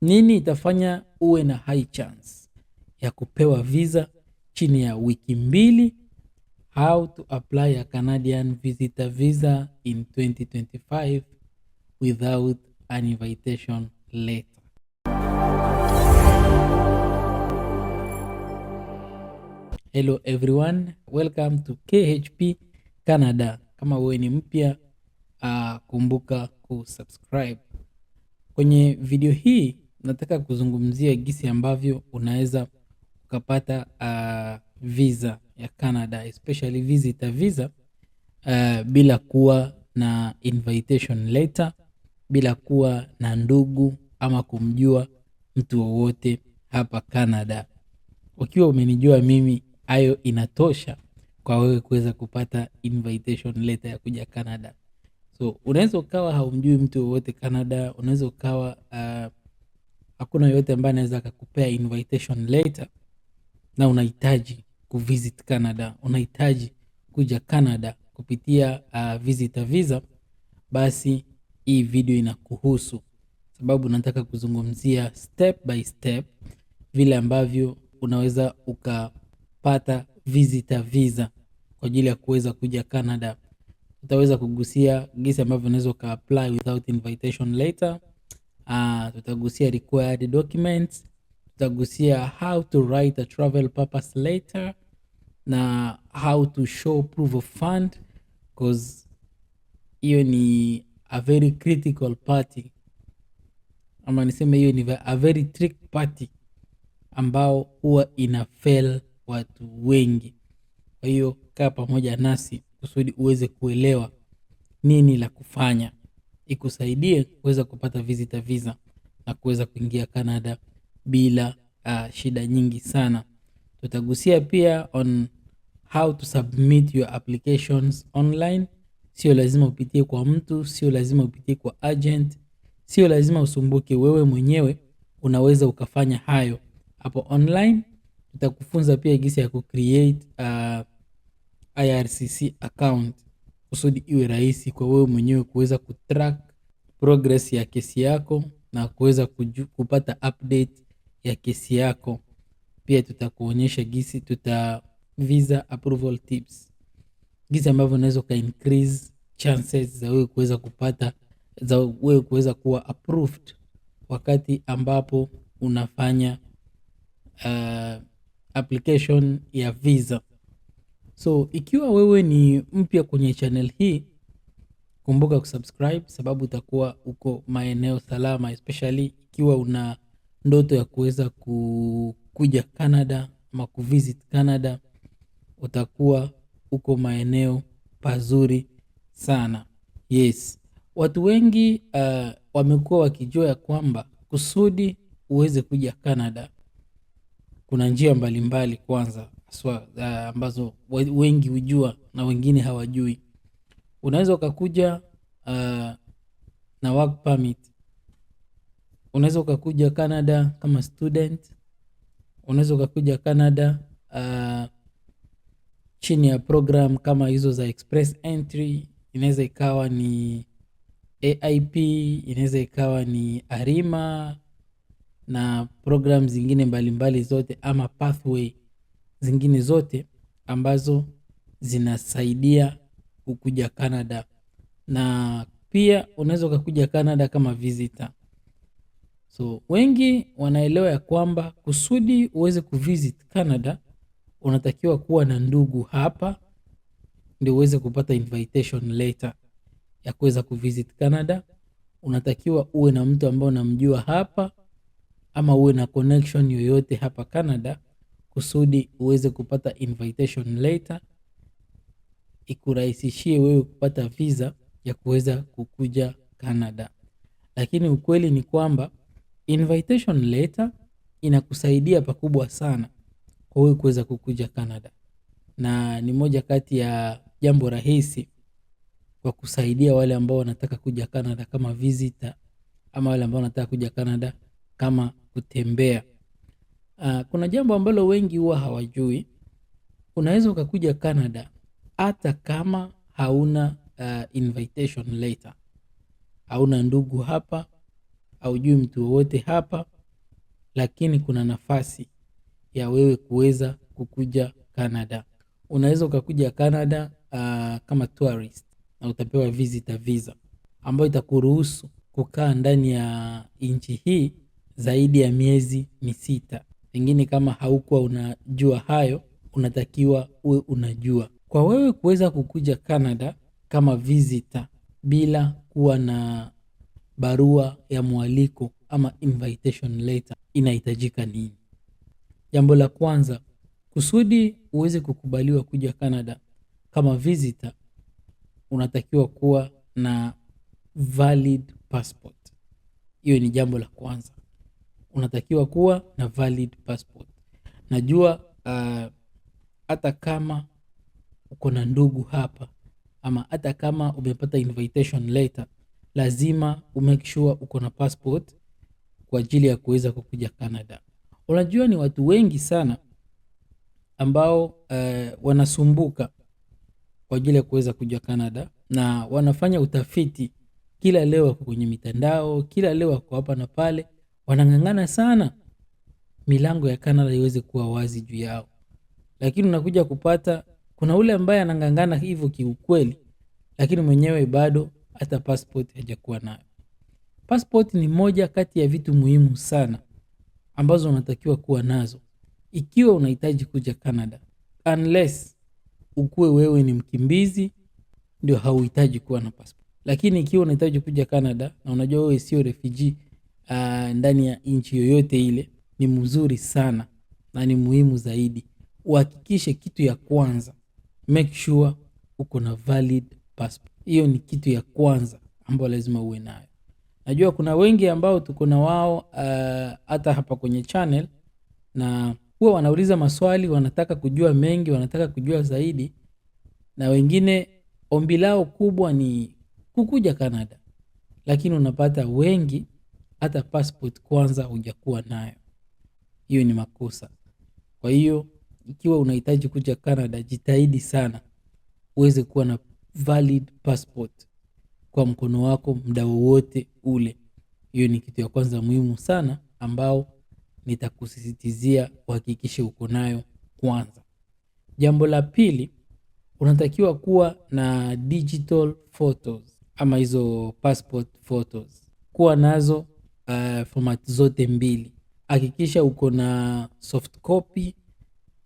Nini itafanya uwe na high chance ya kupewa visa chini ya wiki mbili? How to apply a Canadian visitor visa in 2025 without an invitation letter. Hello everyone, welcome to KHP Canada. Kama wewe ni mpya uh, kumbuka kusubscribe. Kwenye video hii nataka kuzungumzia gisi ambavyo unaweza ukapata uh, visa ya Canada especially visitor visa uh, bila kuwa na invitation letter, bila kuwa na ndugu ama kumjua mtu wowote hapa Canada. Ukiwa umenijua mimi, hayo inatosha kwa wewe kuweza kupata invitation letter ya kuja Canada. So unaweza ukawa haumjui mtu wowote Canada, unaweza ukawa uh, hakuna yoyote ambaye anaweza akakupea invitation later na unahitaji kuvisit Canada, unahitaji kuja Canada kupitia uh, visitor visa, basi hii video inakuhusu, sababu nataka kuzungumzia step by step vile ambavyo unaweza ukapata visitor visa kwa ajili ya kuweza kuja Canada. Utaweza kugusia gisi ambavyo unaweza ukaapply without invitation later uh, tutagusia required documents, tutagusia how to write a travel purpose letter na how to show proof of fund cause hiyo ni a very critical party ama niseme hiyo ni a very trick party ambao huwa ina fail watu wengi. Kwa hiyo kaa pamoja nasi kusudi uweze kuelewa nini la kufanya ikusaidie kuweza kupata visitor visa na kuweza kuingia Canada bila uh, shida nyingi sana. Tutagusia pia on how to submit your applications online. Sio lazima upitie kwa mtu, sio lazima upitie kwa agent, sio lazima usumbuke wewe mwenyewe, unaweza ukafanya hayo hapo online. Tutakufunza pia gisi ya kucreate uh, ah, IRCC account kusudi iwe rahisi kwa wewe mwenyewe kuweza kutrack progress ya kesi yako na kuweza kupata update ya kesi yako. Pia tutakuonyesha gisi tuta visa approval tips, gisi ambavyo unaweza ka increase chances za wewe kuweza kupata za wewe kuweza kuwa approved wakati ambapo unafanya uh, application ya visa. So ikiwa wewe ni mpya kwenye channel hii, kumbuka kusubscribe, sababu utakuwa uko maeneo salama, especially ikiwa una ndoto ya kuweza kuja Canada ama kuvisit Canada, utakuwa uko maeneo pazuri sana. Yes, watu wengi uh, wamekuwa wakijua ya kwamba kusudi uweze kuja Canada kuna njia mbalimbali mbali. Kwanza haswa uh, ambazo wengi hujua na wengine hawajui. Unaweza ukakuja uh, na work permit, unaweza ukakuja Canada kama student, unaweza ukakuja Canada uh, chini ya program kama hizo za express entry, inaweza ikawa ni AIP, inaweza ikawa ni Arima na program zingine mbalimbali mbali zote ama pathway zingine zote ambazo zinasaidia kukuja Canada, na pia unaweza ukakuja Canada kama visitor. So wengi wanaelewa ya kwamba kusudi uweze kuvisit Canada unatakiwa kuwa na ndugu hapa ndio uweze kupata invitation letter ya kuweza kuvisit Canada. Unatakiwa uwe na mtu ambaye unamjua hapa ama uwe na connection yoyote hapa Canada kusudi uweze kupata invitation later, ikurahisishie wewe kupata visa ya kuweza kukuja Canada. Lakini ukweli ni kwamba invitation letter inakusaidia pakubwa sana kwa wewe kuweza kukuja Canada, na ni moja kati ya jambo rahisi kwa kusaidia wale ambao wanataka kuja Canada kama visitor ama wale ambao wanataka kuja Canada kama kutembea. Uh, kuna jambo ambalo wengi huwa hawajui. Unaweza ukakuja Canada hata kama hauna uh, invitation letter, hauna ndugu hapa, haujui mtu wowote hapa, lakini kuna nafasi ya wewe kuweza kukuja Canada. Unaweza ukakuja Canada uh, kama tourist na utapewa visitor visa ambayo itakuruhusu kukaa ndani ya nchi hii zaidi ya miezi misita. Pengine kama haukuwa unajua hayo, unatakiwa uwe unajua. Kwa wewe kuweza kukuja Canada kama visitor bila kuwa na barua ya mwaliko ama invitation letter inahitajika nini? Jambo la kwanza, kusudi uweze kukubaliwa kuja Canada kama visitor, unatakiwa kuwa na valid passport. Hiyo ni jambo la kwanza unatakiwa kuwa na valid passport. Najua uh, hata kama uko na ndugu hapa ama hata kama umepata invitation letter, lazima umake sure uko na passport kwa ajili ya kuweza kukuja Canada. Unajua ni watu wengi sana ambao uh, wanasumbuka kwa ajili ya kuweza kuja Canada na wanafanya utafiti kila leo, wako kwenye mitandao, kila leo wako hapa na pale wanang'ang'ana sana milango ya Canada iweze kuwa wazi juu yao, lakini unakuja kupata kuna ule ambaye anang'ang'ana hivyo kiukweli, lakini mwenyewe bado hata passport hajakuwa nayo. Passport ni moja kati ya vitu muhimu sana ambazo unatakiwa kuwa nazo ikiwa unahitaji kuja Canada, unless ukuwe wewe ni mkimbizi, ndio hauhitaji kuwa na passport. Lakini ikiwa unahitaji kuja Canada na unajua wewe sio refugee uh, ndani ya nchi yoyote ile ni mzuri sana na ni muhimu zaidi. Uhakikishe kitu ya kwanza, make sure uko na valid passport. Hiyo ni kitu ya kwanza ambayo lazima uwe nayo. Najua kuna wengi ambao tuko na wao ah, hata uh, hapa kwenye channel na huwa wanauliza maswali, wanataka kujua mengi, wanataka kujua zaidi, na wengine ombi lao kubwa ni kukuja Canada, lakini unapata wengi hata passport kwanza hujakuwa nayo. Hiyo ni makosa. Kwa hiyo ikiwa unahitaji kuja Canada, jitahidi sana uweze kuwa na valid passport kwa mkono wako muda wowote ule. Hiyo ni kitu ya kwanza muhimu sana ambao nitakusisitizia uhakikishe uko nayo kwanza. Jambo la pili, unatakiwa kuwa na digital photos ama hizo passport photos, kuwa nazo uh, format zote mbili. Hakikisha uko na soft copy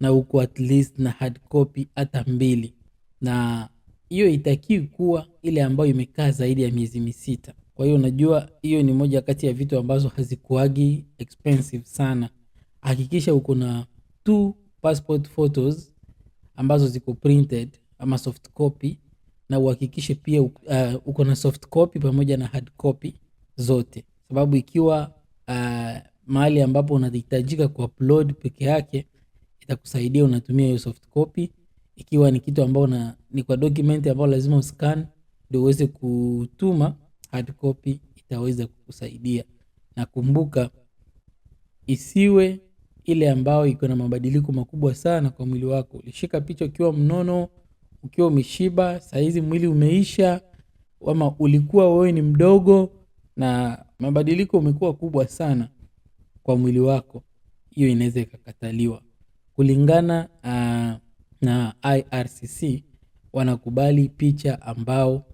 na uko at least na hard copy hata mbili, na hiyo itakiwi kuwa ile ambayo imekaa zaidi ya miezi misita. Kwa hiyo unajua, hiyo ni moja kati ya vitu ambazo hazikuagi expensive sana. Hakikisha uko na two passport photos ambazo ziko printed ama soft copy, na uhakikishe pia eh, uko na soft copy pamoja na hard copy zote sababu ikiwa uh, mahali ambapo unahitajika kuupload peke yake itakusaidia unatumia hiyo soft copy. Ikiwa ni kitu ambao na, ni kwa document ambao lazima uscan ndio uweze kutuma, hard copy itaweza kukusaidia. Na kumbuka isiwe ile ambayo iko na mabadiliko makubwa sana kwa mwili wako. Ulishika picha ukiwa mnono, ukiwa umeshiba, saizi mwili umeisha, ama ulikuwa wewe ni mdogo na mabadiliko umekuwa kubwa sana kwa mwili wako, hiyo inaweza ikakataliwa. Kulingana uh, na IRCC wanakubali picha ambao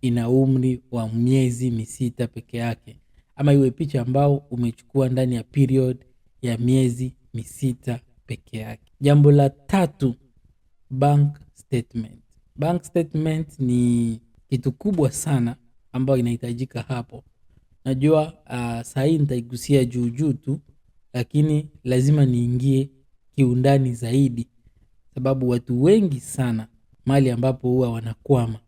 ina umri wa miezi misita peke yake, ama iwe picha ambao umechukua ndani ya period ya miezi misita peke yake. Jambo la tatu, bank statement. Bank statement ni kitu kubwa sana ambayo inahitajika hapo najua uh, sahii nitaigusia juu juu tu, lakini lazima niingie kiundani zaidi, sababu watu wengi sana mali ambapo huwa wanakwama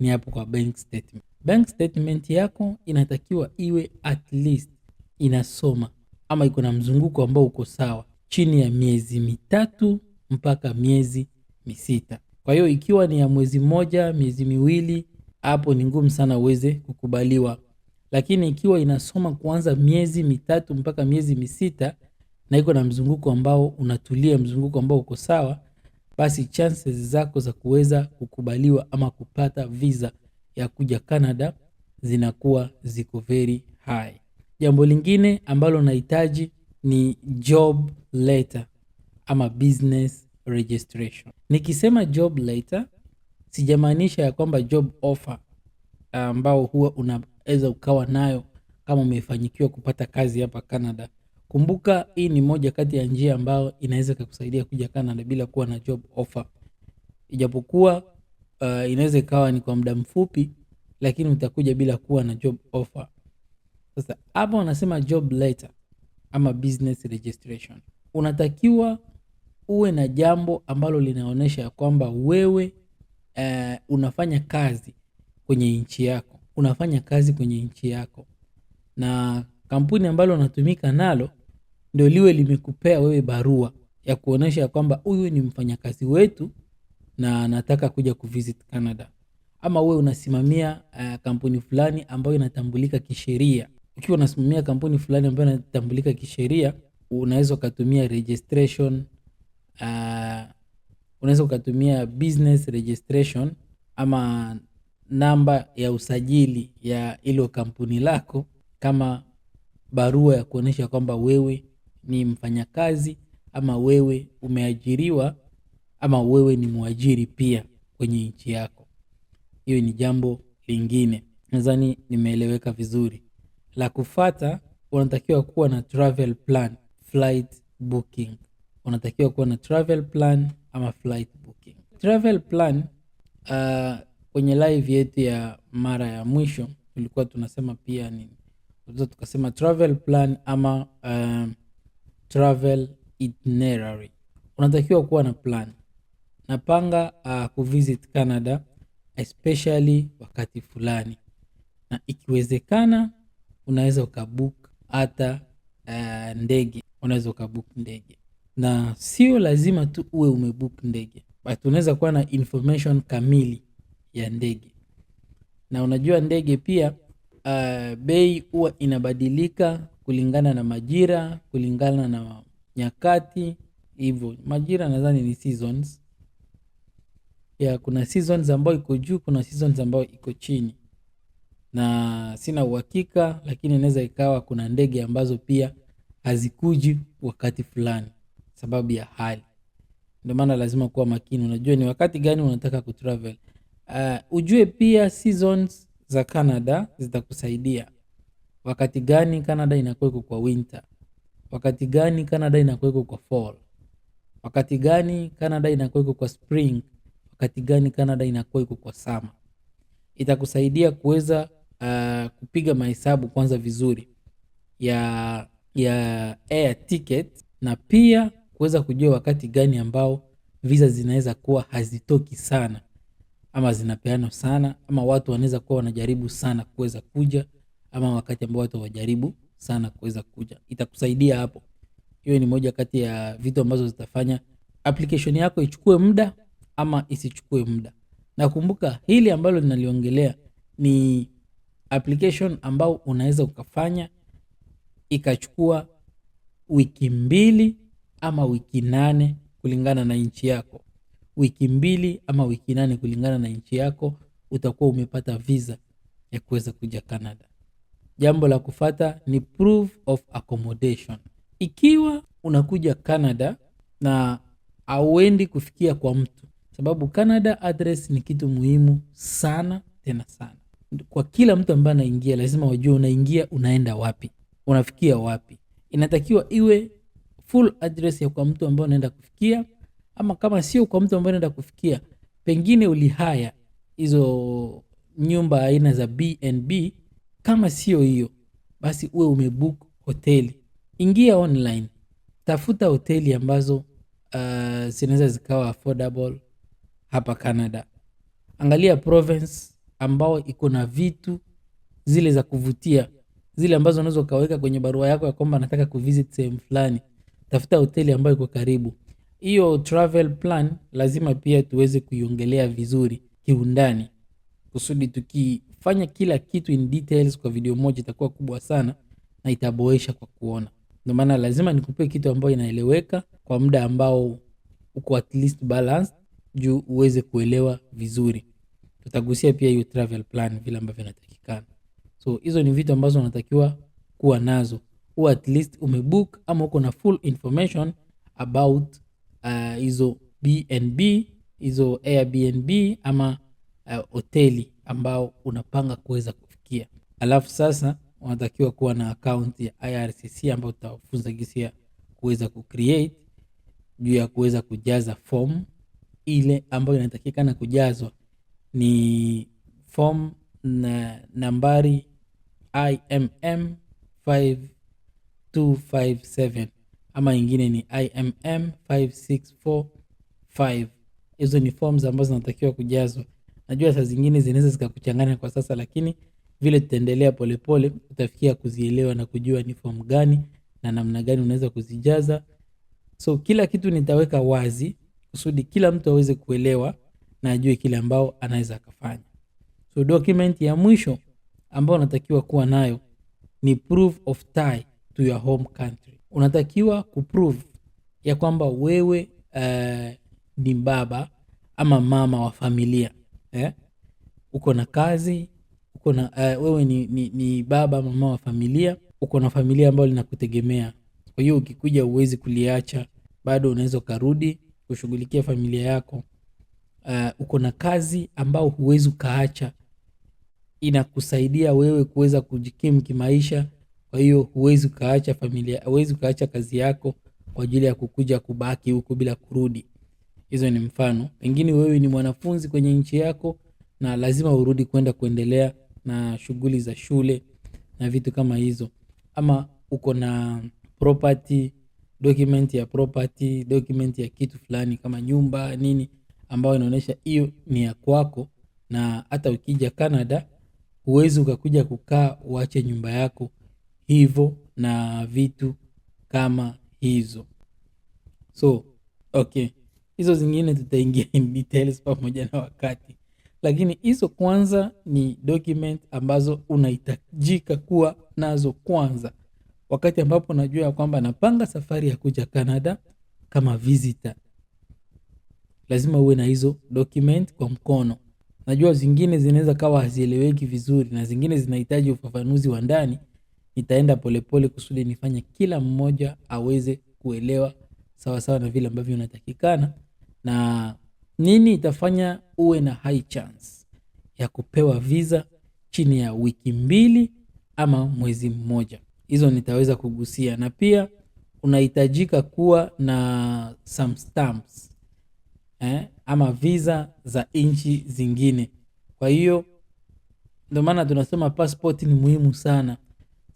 ni hapo kwa bank statement. Bank statement yako inatakiwa iwe at least inasoma ama iko na mzunguko ambao uko sawa chini ya miezi mitatu mpaka miezi misita. Kwa hiyo ikiwa ni ya mwezi mmoja, miezi miwili, hapo ni ngumu sana uweze kukubaliwa lakini ikiwa inasoma kuanza miezi mitatu mpaka miezi misita na iko na mzunguko ambao unatulia, mzunguko ambao uko sawa, basi chances zako za kuweza kukubaliwa ama kupata visa ya kuja Canada zinakuwa ziko very high. Jambo lingine ambalo unahitaji ni job letter ama business registration. Nikisema job letter sijamaanisha ya kwamba job offer ambao huwa una unaweza ukawa nayo kama umefanyikiwa kupata kazi hapa Canada. Kumbuka hii ni moja kati ya njia ambayo inaweza kukusaidia kuja Canada bila kuwa na job offer. Ijapokuwa uh, inaweza ikawa ni kwa muda mfupi, lakini utakuja bila kuwa na job offer. Sasa hapa wanasema job letter ama business registration, unatakiwa uwe na jambo ambalo linaonyesha ya kwamba wewe uh, unafanya kazi kwenye nchi yako unafanya kazi kwenye nchi yako na kampuni ambalo unatumika nalo ndio liwe limekupea wewe barua ya kuonyesha ya kwamba huyu ni mfanyakazi wetu na anataka kuja kuvisit canada ama wewe unasimamia uh, kampuni fulani ambayo inatambulika kisheria ukiwa unasimamia kampuni fulani ambayo inatambulika kisheria unaweza ukatumia registration uh, unaweza ukatumia business registration ama namba ya usajili ya ilo kampuni lako kama barua ya kuonyesha kwamba wewe ni mfanyakazi ama wewe umeajiriwa ama wewe ni mwajiri pia kwenye nchi yako. Hiyo ni jambo lingine, nadhani nimeeleweka vizuri. La kufata, unatakiwa kuwa na travel plan, flight booking. Unatakiwa kuwa na travel plan ama flight booking. Travel plan uh, kwenye live yetu ya mara ya mwisho tulikuwa tunasema pia ni tunaweza tukasema travel plan ama um, travel itinerary. Unatakiwa kuwa na plan. Napanga uh, kuvisit Canada especially wakati fulani, na ikiwezekana unaweza ukabook hata uh, ndege. Unaweza ukabook ndege, na sio lazima tu uwe umebook ndege, but unaweza kuwa na information kamili ya ndege. Na unajua ndege pia uh, bei huwa inabadilika kulingana na majira, kulingana na nyakati hivyo. Majira nadhani ni seasons. Ya, kuna seasons ambayo iko juu, kuna seasons ambayo iko chini, na sina uhakika, lakini inaweza ikawa kuna ndege ambazo pia hazikuji wakati fulani sababu ya hali. Ndio maana lazima kuwa makini, unajua ni wakati gani unataka kutravel. Uh, ujue pia seasons za Canada zitakusaidia wakati gani Canada inakuweko kwa winter, wakati gani Canada inakuweko kwa fall, wakati gani Canada inakuweko kwa spring, wakati gani Canada inakuweko kwa summer. Itakusaidia kuweza uh, kupiga mahesabu kwanza vizuri ya, ya air ticket na pia kuweza kujua wakati gani ambao visa zinaweza kuwa hazitoki sana ama zinapeanwa sana ama watu wanaweza kuwa wanajaribu sana kuweza kuja ama wakati ambao watu wajaribu sana kuweza kuja, itakusaidia hapo. Hiyo ni moja kati ya vitu ambazo zitafanya application yako ichukue muda ama isichukue muda. nakumbuka hili ambalo linaliongelea ni application ambao unaweza ukafanya ikachukua wiki mbili ama wiki nane kulingana na nchi yako wiki mbili ama wiki nane kulingana na nchi yako, utakuwa umepata visa ya kuweza kuja Canada. Jambo la kufata ni proof of accommodation. Ikiwa unakuja Canada na auendi kufikia kwa mtu, sababu Canada address ni kitu muhimu sana tena sana kwa kila mtu ambaye anaingia, lazima wajue unaingia unaenda wapi, unafikia wapi. Inatakiwa iwe full address ya kwa mtu ambaye unaenda kufikia ama kama sio kwa mtu ambaye naenda kufikia, pengine ulihaya hizo nyumba aina za bnb Kama sio hiyo, basi uwe umebook hoteli. Ingia online, tafuta hoteli ambazo uh, zinaweza zikawa affordable hapa Canada. Angalia province ambao iko na vitu zile za kuvutia zile ambazo unaweza ukaweka kwenye barua yako ya kwamba nataka kuvisit sehemu fulani. Tafuta hoteli ambayo iko karibu hiyo travel plan lazima pia tuweze kuiongelea vizuri kiundani, kusudi tukifanya kila kitu in details kwa video moja itakuwa kubwa sana na itaboesha kwa kuona. Ndio maana lazima nikupe kitu ambayo inaeleweka kwa muda ambao uko at least balanced juu uweze kuelewa vizuri. Tutagusia pia hiyo travel plan vile ambavyo inatakikana. So hizo ni vitu ambazo unatakiwa kuwa nazo, au at least umebook ama uko na full information about Uh, hizo BNB hizo Airbnb ama uh, hoteli ambao unapanga kuweza kufikia. Alafu sasa unatakiwa kuwa na account ya IRCC ambayo tutafunza jinsi ya kuweza kucreate juu ya kuweza kujaza form ile ambayo inatakikana kujazwa ni form na nambari IMM 5257 ama ingine ni IMM 5645. Hizo ni forms ambazo zinatakiwa kujazwa. Najua saa zingine zinaweza zikakuchanganya kwa sasa, lakini vile tutaendelea polepole utafikia kuzielewa na kujua ni form gani na namna gani unaweza kuzijaza. So kila kitu nitaweka wazi kusudi kila mtu aweze kuelewa na ajue kile ambao anaweza akafanya. So document ya mwisho ambayo unatakiwa kuwa nayo ni proof of tie to your home country unatakiwa kuprove ya kwamba wewe uh, ni baba ama mama wa familia eh? Uko na kazi uko na uh, wewe ni, ni, ni baba mama wa familia, uko na familia ambayo linakutegemea. Kwa hiyo ukikuja uwezi kuliacha, bado unaweza ukarudi kushughulikia familia yako. Uh, uko na kazi ambao huwezi ukaacha, inakusaidia wewe kuweza kujikimu kimaisha kwa hiyo huwezi ukaacha familia, huwezi ukaacha kazi yako kwa ajili ya kukuja kubaki huku bila kurudi. Hizo ni mfano. Pengine wewe ni mwanafunzi kwenye nchi yako na lazima urudi kwenda kuendelea na shughuli za shule na vitu kama hizo. Ama uko na property, document ya property, document ya kitu fulani kama nyumba nini ambayo inaonyesha hiyo ni ya kwako na hata ukija Canada huwezi ukakuja kukaa uache nyumba yako hivyo na vitu kama hizo. So okay, hizo zingine tutaingia in details pamoja na wakati, lakini hizo kwanza ni document ambazo unahitajika kuwa nazo kwanza, wakati ambapo unajua ya kwamba napanga safari ya kuja Canada kama visitor, lazima uwe na hizo document kwa mkono. Najua zingine zinaweza kawa hazieleweki vizuri na zingine zinahitaji ufafanuzi wa ndani nitaenda polepole kusudi nifanye kila mmoja aweze kuelewa sawa sawa na vile ambavyo unatakikana. Na nini itafanya uwe na high chance ya kupewa visa chini ya wiki mbili ama mwezi mmoja, hizo nitaweza kugusia. Na pia unahitajika kuwa na some stamps eh, ama visa za nchi zingine. Kwa hiyo ndio maana tunasema passport ni muhimu sana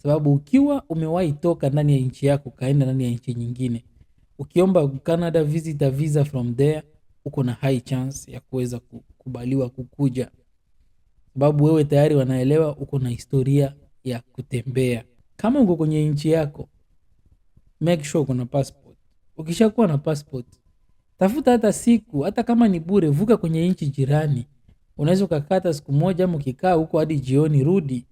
sababu ukiwa umewahi toka ndani ya nchi yako ukaenda ndani ya nchi nyingine, ukiomba Canada visitor visa from there, uko na high chance ya kuweza kukubaliwa kukuja, sababu wewe tayari wanaelewa uko na historia ya kutembea. Kama uko kwenye nchi yako, make sure uko na passport. Ukishakuwa na passport, tafuta hata siku, hata kama ni bure, vuka kwenye nchi jirani. Unaweza ukakata siku moja, ama ukikaa huko hadi jioni, rudi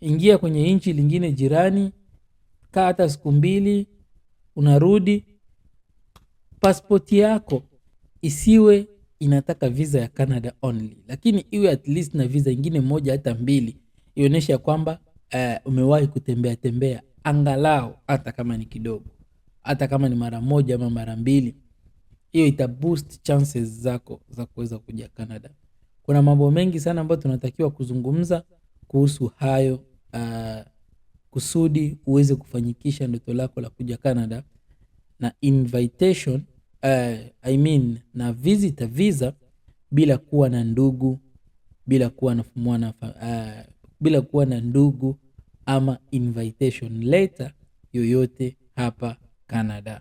ingia kwenye nchi lingine jirani, kaa hata siku mbili, unarudi. Pasipoti yako isiwe inataka visa ya Canada only, lakini iwe at least na visa ingine moja hata mbili, ionyesha kwamba uh, umewahi kutembea tembea angalau, hata kama ni kidogo, hata kama ni mara moja ama mara mbili. Hiyo ita boost chances zako za kuweza kuja Canada. Kuna mambo mengi sana ambayo tunatakiwa kuzungumza kuhusu hayo uh, kusudi uweze kufanyikisha ndoto lako la kuja Canada na invitation uh, I mean, na visitor visa bila kuwa na ndugu bila kuwa na mwana uh, bila kuwa na ndugu ama invitation letter yoyote hapa Canada.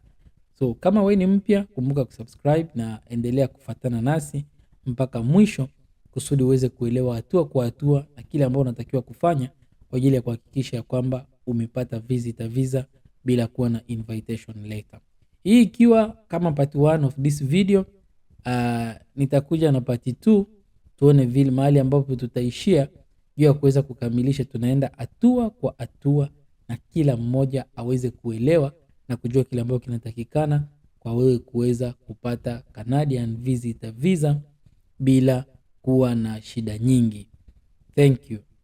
So kama we ni mpya, kumbuka kusubscribe na endelea kufatana nasi mpaka mwisho kusudi uweze kuelewa hatua kwa hatua na kile ambao unatakiwa kufanya kwa ajili ya kuhakikisha kwamba umepata visitor visa bila kuwa na invitation letter. Hii ikiwa kama part 1 of this video. Uh, nitakuja na part 2 tuone vile mahali ambapo tutaishia juu ya kuweza kukamilisha. Tunaenda hatua kwa hatua na kila mmoja aweze kuelewa na kujua kile ambacho kinatakikana kwa wewe kuweza kupata Canadian visitor visa bila kuwa na shida nyingi. Thank you.